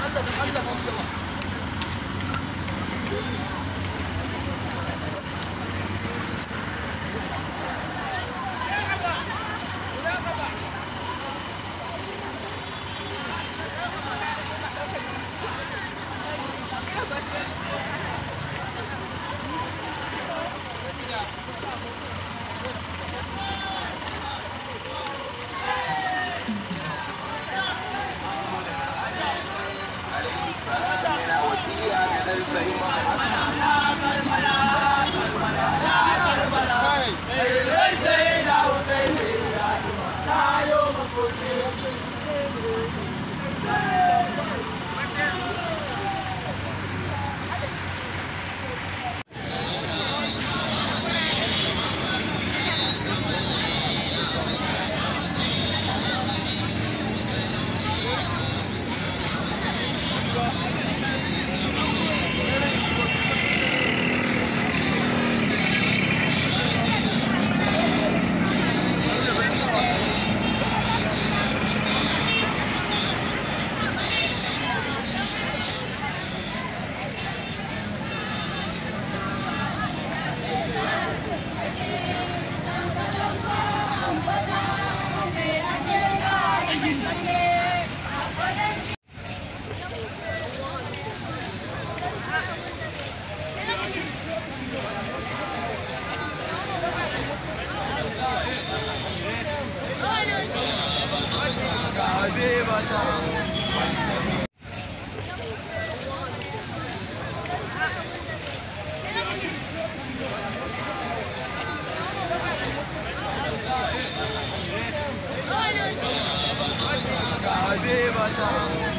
Allah Allah Allah فإما Hadi bakalım.